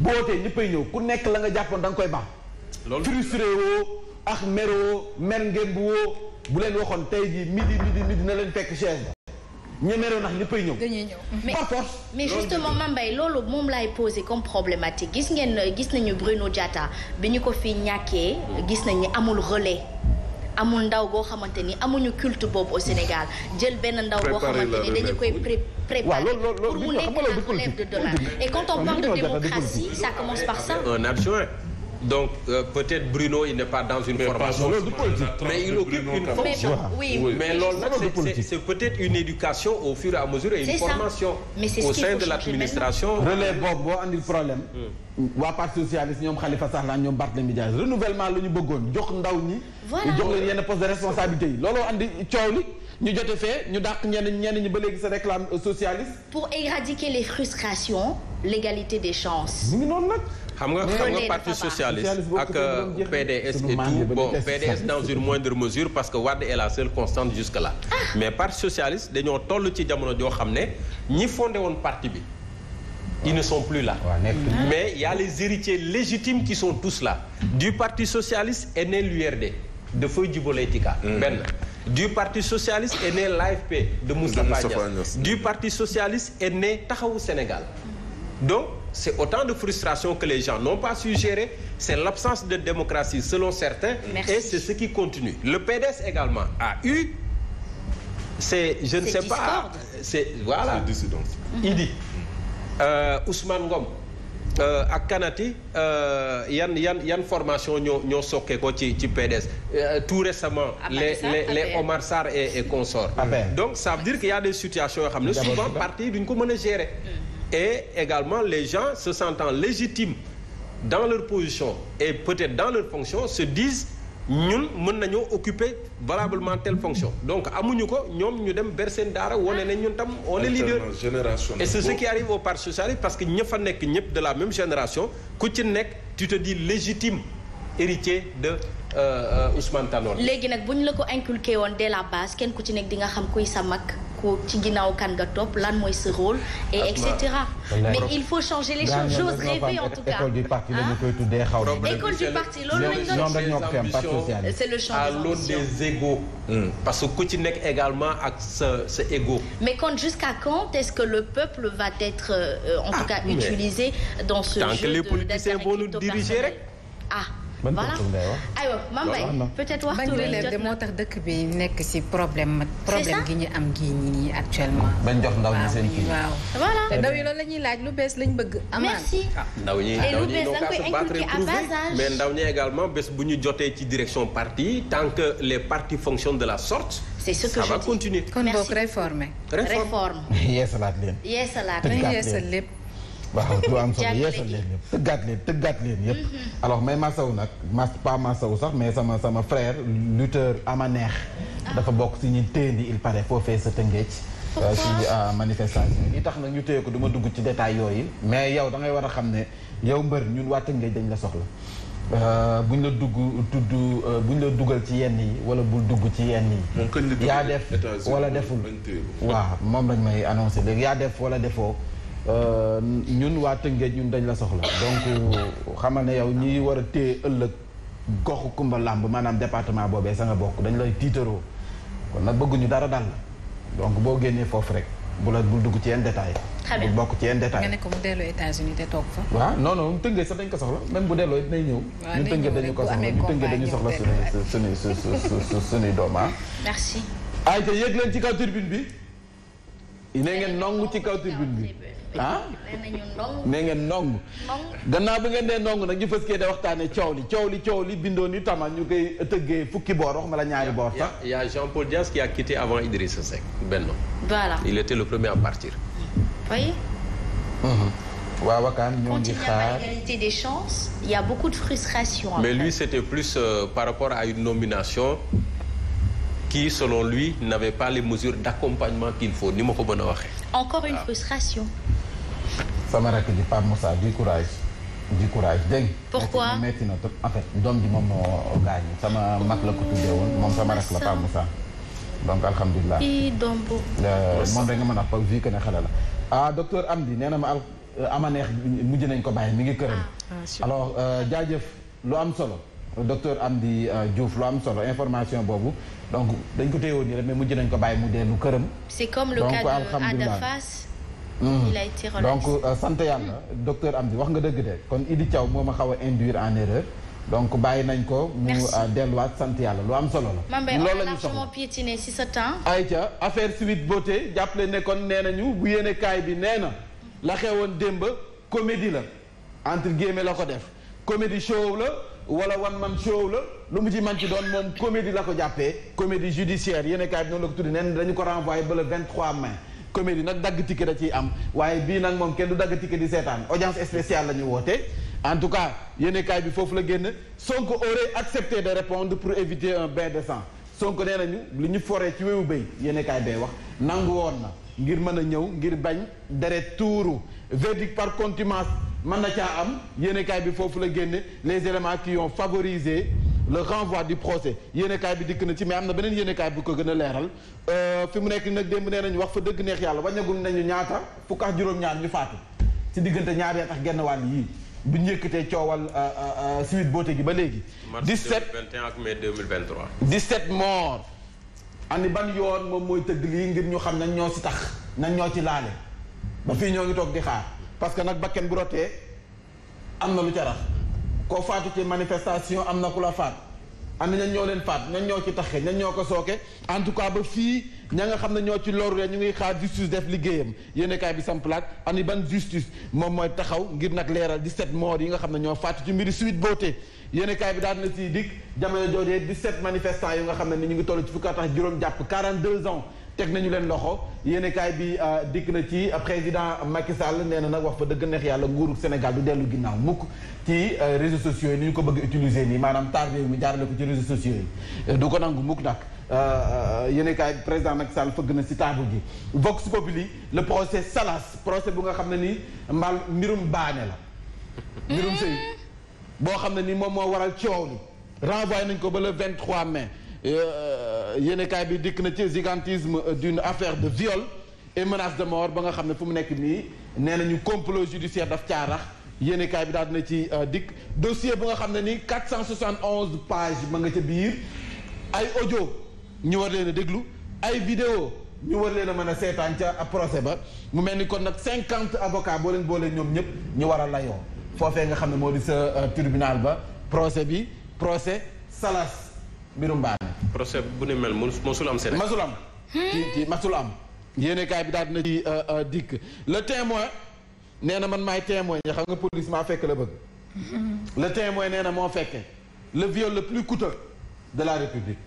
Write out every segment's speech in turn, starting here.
bu wootee ñëppay ñëw ku nekk la nga jàppoon da nga koy baax. loolu frustré woo mer woo mer bu woo bu leen waxoon tey jii midi midi na leen fekk chaise ba. ñu meroo ndax ñëppay ñëw. dañuy ñëw par force. mais justement Mame Mbaye loolu moom laay posé comme problématique gis ngeen gis nañu Bruno Diatta bi ñu ko fi ñàkkee gis nañu amul relais. amul ndaw goo xamante ni amuñu culte boobu au Sénégal jël benn ndaw boo xamante ni dañu koy préparer pour mu nekk la relève de demain et quand on parle de démocratie ça commence par ça. donc euh, peut-être Bruno il n'est pas dans une mais formation mais il occupe Bruno une fonction oui, oui. mais loolu nag c'est peut-être une éducation au fur et à mesure et une formation au sein de l'administration relais boobu boo andil problème waa parti socialiste ñoom Khalifa Sall ñoom Barthélémy Dias renouvellement la ñu bëggoon jox ndaw ñi jox leen yenn poste de responsabilité yi looloo ñu jote fee ñu dàq ñenn ñenn ñi ba léegi sa réclame socialiste pour éradiquer les frustrations l'égalité xam nga xam nga parti socialiste ak euh, PDS et tout bon PDS dans une moindre mesure parce que Wade est la seule constante jusque là ah. mais parti socialiste dañoo toll ci jamono joo xam ne ñi fondé woon parti bi ils ne sont plus là mais il y a les héritiers légitimes qui sont tous du parti socialiste est né l'URD de Feu Djibola Diatta mmh. benn du parti socialiste et né l'AFP de Moustapha Niasse parti socialiste est Taxawu Sénégal donc c'est autant de frustration que les gens n'ont pas su gérer c'est l'absence de démocratie selon certains Merci. et c'est ce qui continue le PDS également a eu c'est je ne sais discorde. pas c'est voilà dissidence il euh, Ngom euh, ak kanati euh, yan yan yan formation ñoo ñoo sokkee ci ci PDS euh, tout récemment ah, les les les Omar Sarr et et consorts ah, donc ça veut dire qu'il y a des situations yoo xam ne souvent parti duñ ko mën a gérer mm. et également les gens se sentant légitimes dans leur position et peut-être dans leur fonction se disent ñun mën nañoo occuper valablement telle fonction donc amuñu ko ñoom ñu dem ber seen daara wane ne ñun tam on est leader et c'est ce qui arrive au parti socialiste parce que ñëpp fa nekk ñëpp de la même génération ku ci nekk tu te dis légitime héritier de euh, euh, Ousmane Tanor léegi nag bu ñu la ko inculqué woon dès la base kenn ku ci nekk di nga xam kuy sa mag ko ci ginnaaw kan nga topp lan mooy sa rôle et ah, et mais il faut changer les choses j'ose rêver en tout cas école du parti la ah. tuddee xaw ma école du parti loolu lañ c'est le champ à l'aune des égos hmm. parce que ku ci nekk également ak sa sa mais quand jusqu'à quand est-ce que le peuple va être euh, en ah, tout cas utilisé dans ce jeu de tant que les politiciens nous diriger rek ba tontu peut-être jot moo tax dëkk bi nekk ci problème. problème gi ñu am gii nii actuellement. bañ jox ndaw ñi seen kii waaw voilà ndaw yi la ñuy laaj lu bees lañ bëgg. amaat ah, ndaw ñu ndaw mais ndaw ñi également bés bu ñu jotee ci direction parti tant que les partis fonctionnent de la sorte. c'est ce que je continuer. kon boog réformer. réforme yeesalaat leen. yeesalaat leen yeesal lépp. waaw lu am solo yeesal leen yëpp tëggaat leen tëggaat leen yëpp mm-hmm. alors may masawu nag mas pas masawu sax mais sama sama frère lutteur ama neex ah. dafa bokk si ñu téendi il paraît foofee sa tëngeej ci euh, manifestation yi tax na ñu téye ko duma dugg ci détail yooyu mais yow da ngay war a xam ne yow mbër ñun waa tëngeej dañ la soxla euh, bu ñu la dugg tudd euh, bu ñu la dugal ci yenn yi wala bul dugg ci yenn yi yaa def wala deful waaw moom lañ may annoncé léegi yaa def wala defoo Euh, ñun waa Tëngéej ñun dañ la soxla donc xamal ne yow ñi war a téye ëllëg goxu kumba làmb maanaam département boobee sa nga bokk dañ lay tiitaroo kon nag bëgguñu dara dal la boo génnee foofu rek bu la bul dugg ci yenn détail bul bokk ci yenn détail nga ne ko mu delloo États-Unis te toog fa waaw non non Tëngéej sax dañ ko soxla même bu delloo dinay ñëw ñu Tëngéej dañu ko soxla ñu Tëngéej dañu soxla suñu suñu suñu suñuy doom ah. merci ay te yéeg leen ci kaw turbine bi ne ngeen nongu ci kaw tribune bi ah, ah? ne ngeen nongu gannaaw bi ngeen dee nongu nag ñu fës kee de waxtaane coow li coow li coow li bindoon ni tamal ñu koy tëggee fukki boor wax ma la ñaari boor sax yaa a Jean Paul Dias qui a quitté avant Idrissa Seck Benno voilà il était le premier à partir oui mhm. ñoo ngi xaar égalité des chances beaucoup de frustration mais lui c'était plus euh, par rapport à une nomination qui selon lui n'avait pas les mesures d'accompagnement qu'il faut ni ma ko mën a waxee. encore une sama rakk ji Pape Moussa di courage. du courage dégg pourquoi na trop en fait doom ji moom moo gaañu sama mag la ko tuddee woon moom sama rakk la Pape sa donc alhamdulilah kii doom bu. moom rek nga mën a wax vu que xale la ah docteur Amdi nee na ma euh, ama neex mujj nañ ko bàyyi mi ngi këram. Ah, ah, alors euh, jaajëf lu am solo. docteur Amdi euh, Diouf lu am solo information boobu donc dañ ko téye woon nii rek mais mujj nañ ko bàyyi mu dellu këram. c'est comme le cas de Ada Fass. Hmm. il a été relaxé donc euh, sant yàlla docteur Amdi wax nga dëgg de kon Idi Thiaw moo ma xaw a induire en erreur. donc bàyyi nañ ko. mu euh, delluwaat sant yàlla lu am solo la. loolu la ñu soxla piétiné ci sa temps. ayca affaire Sweet Beauté jàppale ne kon nee nañu bu yéene kaay bi nee na. la xewoon démb comédie la entre guillemets la ko def wala wan man show la lu mu ci man ci doon moom comédie la ko jàppee comédie judiciaire yéen kaay bi noonu la ko tuddi neen dañu ko renvoyé ba le 23 mai comédie nag dagg ticket a ci am waaye bi nag moom kenn du dagg ticket di seetaan audience spéciale la ñu woote en tout cas yéen bi foofu la génn son Sonko aurait accepté de répondre pour éviter un bain de sang Sonko nee nañu li ñu foree ci wéwu béy yéen kaay bee wax nangu woon na ngir mën a ñëw ngir bañ deret tuuru verdict par contumace mën na caa am yéenekaay bi foofu la génne les éléments qui ont favorisé le renvoi du procès yéenekaay bi dikk na ci mais am na beneen yéenekaay bu ko gën a leeral euh, fi mu nekk nag démb nee nañu wax fa dëgg neex yàlla wàññagul nañu ñaata fukk juróom-ñaar ñu faatu ci diggante ñaar at ak genn wàll yii bu ñu yëkkatee coowal euh, euh, Sweet Beauté gi ba léegi. 17 2021 ak mai 2023. 17 morts. ani ban yoon moom mooy tëgg lii ngir ñu xam nañ ñoo si tax nañ ñoo ci laale ba fii ñoo ngi toog di parce que nag bakken bu rotee am na lu ca rax koo faatu ci manifestation am na ku la faat am na ñan ñoo leen faat ñan ñoo ci taxe ñan ñoo ko sooke en tout cas ba fii ña nga xam ne ñoo ci loru ñu ngi xaar justice def liggéeyam yéenekaay bi samplaat ani ban justice moom mooy taxaw ngir nag leeral 17 morts yi nga xam ne ñoo faatu ci mbiri Sweet Beauté yéenekaay bi daal na siy dikk jamono joojee 17 manifestants yi nga xam ne ñu ngi toll ci fukki at ak teg nañu leen loxo yéenekaay bi euh, dikk na ci euh, président Macky Sall nee na nag wax fa dëgg neex yàlla nguuru Sénégal du dellu ginnaaw mukk ci euh, réseaux sociaux yi ni ñu ko bëgg utiliser nii maanaam taar réew jaar jaarale ko ci réseaux sociaux yi du ko nangu mukk nag yéenekaay président Macky Sall fëgg na si table ji Vox Populi le procès Salas procès bu nga xam ne nii mbaal mbirum baane la mbirum sëy boo xam ne ni moom moo waral ci wow li renvoyé nañ ko ba le 23 mai Euh, yéenekaay bi dikk na ci gigantisme d'une affaire de viol et de mort ba nga xam ne fu mu nekk nii nee nañu complot judiciaire daf caarax yéenekaay bi daal dina ci euh, dikk dossier bu nga xam ne nii 471 pages ma nga ca biir ay audio ñu war leen a déglu ay vidéo ñu war leen a mën a seetaan ca procès ba mu mel ni kon nag 50 avocats boo leen boolee ñoom ñëpp ñu war a layoo foofee nga xam ne moo di sa euh, tribunal ba procès bi procès Salas. mbirum mbaane. procès bu ne mel mosul am Sénégal. mosul am. ci ci mosul am. yéenekaay bi daal dina ci euh, euh, dikk le témoin nee na man maay témoin nga xam nga police maa fekk la bëgg. le témoin nee na moo fekkee le viole le plus coûteux de la république.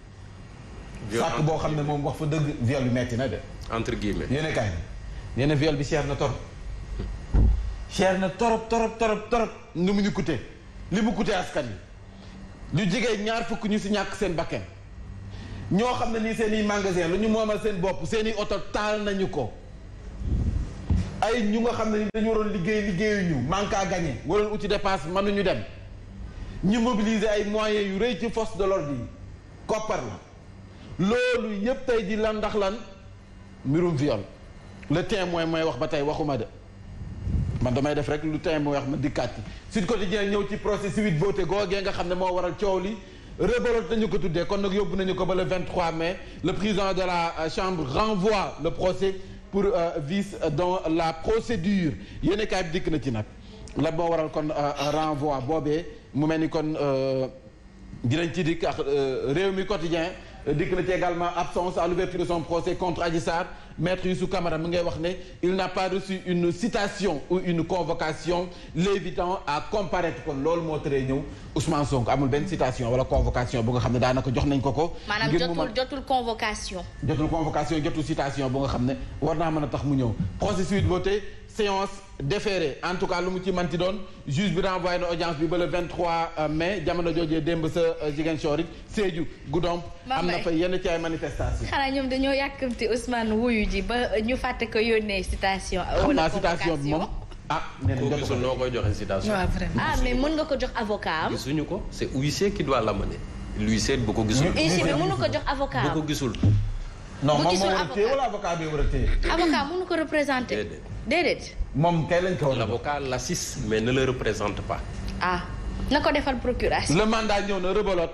sàkk boo xam ne moom wax fa dëgg viol bi metti na de. entre guillemets yéenekaay bi nee na viol bi cher na torop. Hmm. cher na torop torop torop torop ni mu ñu coûté li mu coûté askan ñu jigéen ñaar fukk ñu si ñàkk seen bakken ñoo xam ne nii seen i magasin lu ñu moomal seen bopp seeni i oto taal nañu ko ay ñu nga xam ne ni dañu waroon liggéey liggéeyuñu manque à gagner waroon uti dépense mënuñu dem ñu mobiliser ay moyens yu rëy ci force de l'ordre yi koppar la loolu yépp tey ji lan ndax lan mbirum viol le témoin mooy wax ba tey waxuma de man damay def rek lu tey mu wax ma dikkaat ci Sud Quotidien ñëw ci procès Sweet Beauté googee nga xam ne moo waral coow li révolte nañu ko tuddee kon nag yóbbu nañu ko ba le 23 mai le président de la euh, chambre renvoie le procès pour euh, vice dans la procédure yéen kaay bi dikk na ci nag la moo waral kon euh, renvoi boobee mu mel ni kon dinañ ci dikk ak réew mi quotidien dikk na ci également absence à l'ouverture de son procès contre Adji Sarr maître Youssou Camara mi ngay wax ne il n'a pas reçu une citation ou une convocation l'évitant à comparaître kon loolu moo tëree ñëw Ousmane Sonko amul benn citation wala convocation bu nga xam ne daanaka jox nañ ko ko. ngir mu maanaam jotul jotul convocation. jotul convocation jotul citation bu nga xam ne war naa mën a tax mu ñëw processus de vote séance déféré en tout cas lu mu ci man manti doon juge bi renvoyé na audience bi ba le 23 euh, mai jamono joojee démb sa euh, Ziguinchor it Sédhiou Goudomp am na fa yenn ci ay manifestation xanaa ñoom dañoo yàkkamti Ousmane wuyu ji ba ñu fàtte ko yónnee citation bi moom ah na gisul noo koy ah, mais mën nga ko jox avocat am gisuñu ko c'est huissier qui doit l'amener l'huissier bu ko gisul huissier bi mënu ko jox avocat bu ko gisul non moom moo war a téye wala avocat bi war a téye. avocat mënu ko représenter. déedéet déedéet. moom kay lañ ko war a. l'avocat l'assiste mais ne le représente pas. ah na ko defal procuration. le mandat ñëw na rebalote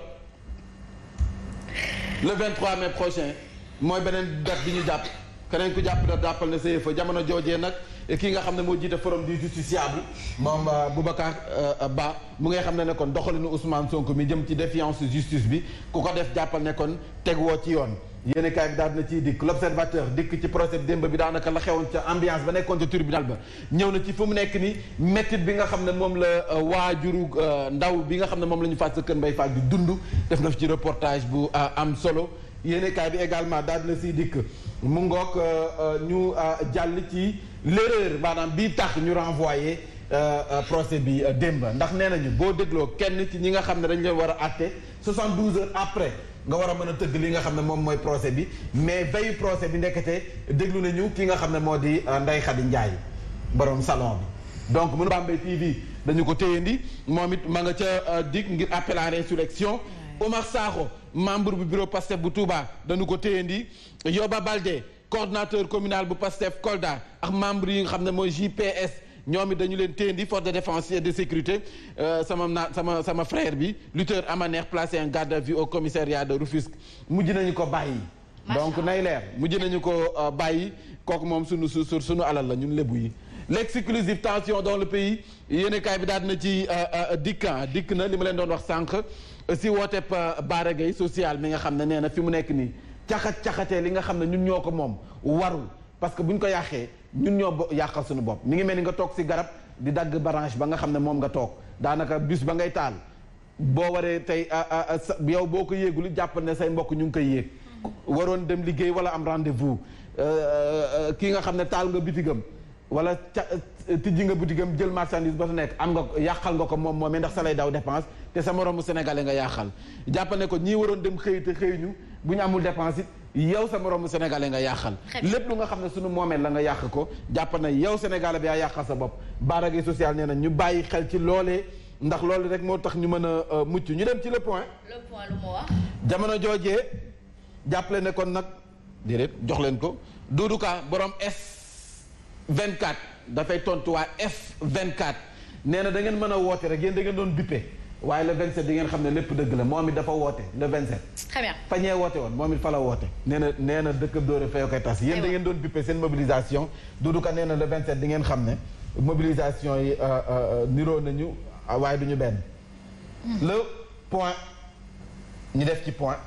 le 23 prochain mooy beneen date bi ñu jàpp keneen ku jàpp da jàppal na sa fa jamono joojee nag ki nga xam ne moo jiite forum du justiciable moom euh, Boubacar euh, Ba mu ngay xam ne ne kon doxalinu Ousmane Sonko mi jëm ci défiance justice bi ku ko def jàppal ne kon tegwoo ci yoon. yéen bi daal na ciy dikk l'observateur dikk ci procès démb bi daanaka la xewoon ca ambiance ba nekkoon ca tribunal ba ñëw na ci fu mu nekk nii méttit bi nga xam ne moom la euh, waajuru euh, ndaw bi nga xam ne moom la ñu faat sa mbay faa di dundu def na ci reportage bu euh, am solo yéen kaay bi également daal na sii dikk mu ngoog ñu jàll ci l'erreur maanaam bii tax ñu renvoyé procès bi démb ndax nee nañu boo dégloo kenn ci ñi nga xam ne dañ leen war a àtte 72 heures après nga war a mën a tëdd li nga xam ne moom mooy procès bi mais veyu procès bi ndekete déglu nañu ki nga xam ne moo di euh, Ndeye Khady Ndiaye borom salon bi donc mënu Bambey TV dañu ko téyandi moom it ma nga ca euh, dikk ngir appel à l'insurrection Omar membre bu bureau Pastef bu Touba dañu ko téyandi Yoba Balde coordonnateur communal bu Pastef Kolda ak membre yi nga xam ne mooy JPS ñoom it dañu leen téendi force de défense et de sécurité euh, sama naa sama sama frère bi lutteur Amaneex placé en garde à vue au commissariat de Rufisque mujj nañu ko bàyyi. donc nay leer mujj nañu ko euh, bàyyi kooku moom sunu su sunu alal la ñun lébu yi. l'exclusive tension dans le pays yéen kaay bi daal dina ci euh, dikka ah, dikk na li ma leen doon wax sànq si wooteeb Bara Gaye social mi nga xam ne nee na fi mu nekk nii caxat caxatee li nga xam ne ñun ñoo ko moom warul parce que buñ ko yàqee. ñun ñoo bo yàqal suñu bopp mi ngi mel ni nga toog si garab di dagg branche ba nga xam ne moom nga toog daanaka bus ba ngay taal boo waree tey yow boo ko yéegul jàpp ne say mbokk ñu ngi koy yéeg waroon dem liggéey wala am rendez-vous euh, euh, euh, kii nga xam ne taal nga bitigam wala ca tijji nga bitigam jël marchandise ba fa nekk am nga yàqal nga ko moom moomee ndax sa lay daw dépense te sa moroomu sénégalais nga yàqal jàpp ne ko ñii waroon dem xëy te xëy ñu bu ñu amul dépense it yow sa moromu sénégalais nga yàqal lépp lu nga xam ne suñu moomeel la nga yàq ko jàpp na yow sénégalais bi yaa yàqal sa bopp baaragi social nee na ñu bàyyi xel ci loolee ndax loolu rek moo tax ñu mën a euh, mucc ñu dem ci le point jamono joojee jàppale ne kon nag déedéet jox leen ko Doudou Ka borom S 24 dafay tontu waa F 24 nee na da ngeen mën a woote rek yéen da ngeen doon bippe waaye le 27 di ngeen xam ne lépp dëgg la moom it dafa woote le 27 très bien woote woon moom it fa la woote nee na nee na dëkk dóore fee koy tas yéen da ngeen doon bippe seen mobilisation Doudou Ka nee na di ngeen xam ne mobilisation yi euh, euh, euh, niroo nañu ah, waaye du ñu benn hmm. le point ñu def ci point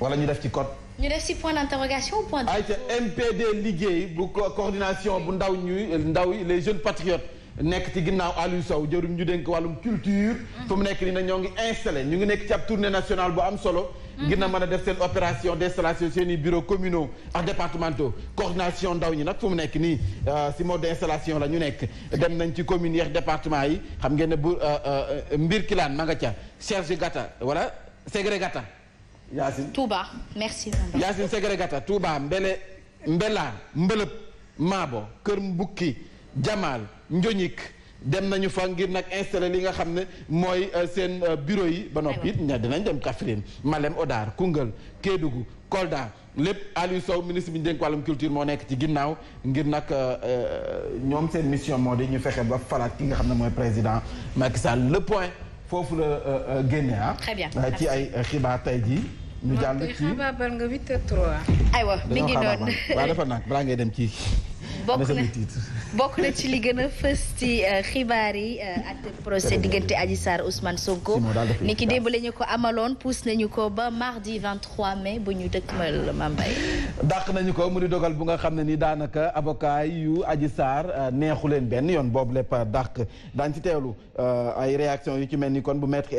walla ñu def ci code ñu def ci point d'interrogation MPD liggéey bu coordination bu ndaw ñuy ndaw yi les jeunes patriotes nekk ci ginnaaw Aliou Sow jëruñ ñu dénk wàllum culture hmm. fu mu nekk nii na ñoo ngi installé ñu ngi nekk ci ab tournée nationale bu am solo ngir na mhm. mën a def seen opération d'installation seen i bureaux communaux ak départementaux coordination ndaw ñi nag fu mu nekk nii euh, si mode d'installation la ñu nekk dem nañ ci commune yi ak département yi xam ngeen ne bu euh, euh, mbir kilaan ma nga ca Serge Gata wala Segre Gata Yacine Touba merci Yacine Segre Gata Touba Mbele Mbela Mbëlëb Maabo Kër Mbukki Jamaal Njoñik dem nañu fa ngir nag installé li nga xam ne mooy euh, seen euh, bureau yi ba noppi it ña dinañ dem Kaffrine Malem odaar Koungheul Kédougou Kolda lépp Aliou soow ministre bi ñu dénk wàllum culture moo nekk ci ginnaaw ngir nag euh, ñoom seen mission moo di ñu fexe ba falaat ki nga xam ne mooy président Macky Sall le point foofu la génne ah. ci ay xibaar tey jii. ñu jàll ci xabaabal nga 8h03. aywa mi balaa ngay dem ci. bokk na bokk na ci li gën a fës euh, xibaar yi euh, at procès diggante Adji Sarr Ousmane Sonko ni ki démb la ñu ko amaloon puus nañu ko ba mardi 23 mai bu ñu dëkkmal Mambay daq nañu ko mu ni dogal bu nga xam ne ni daanaka avocat yu Adji Sarr euh, neexu leen benn yoon boobu lépp dàq daañ ci teewlu ay réaction yu ci mel ni kon bu maître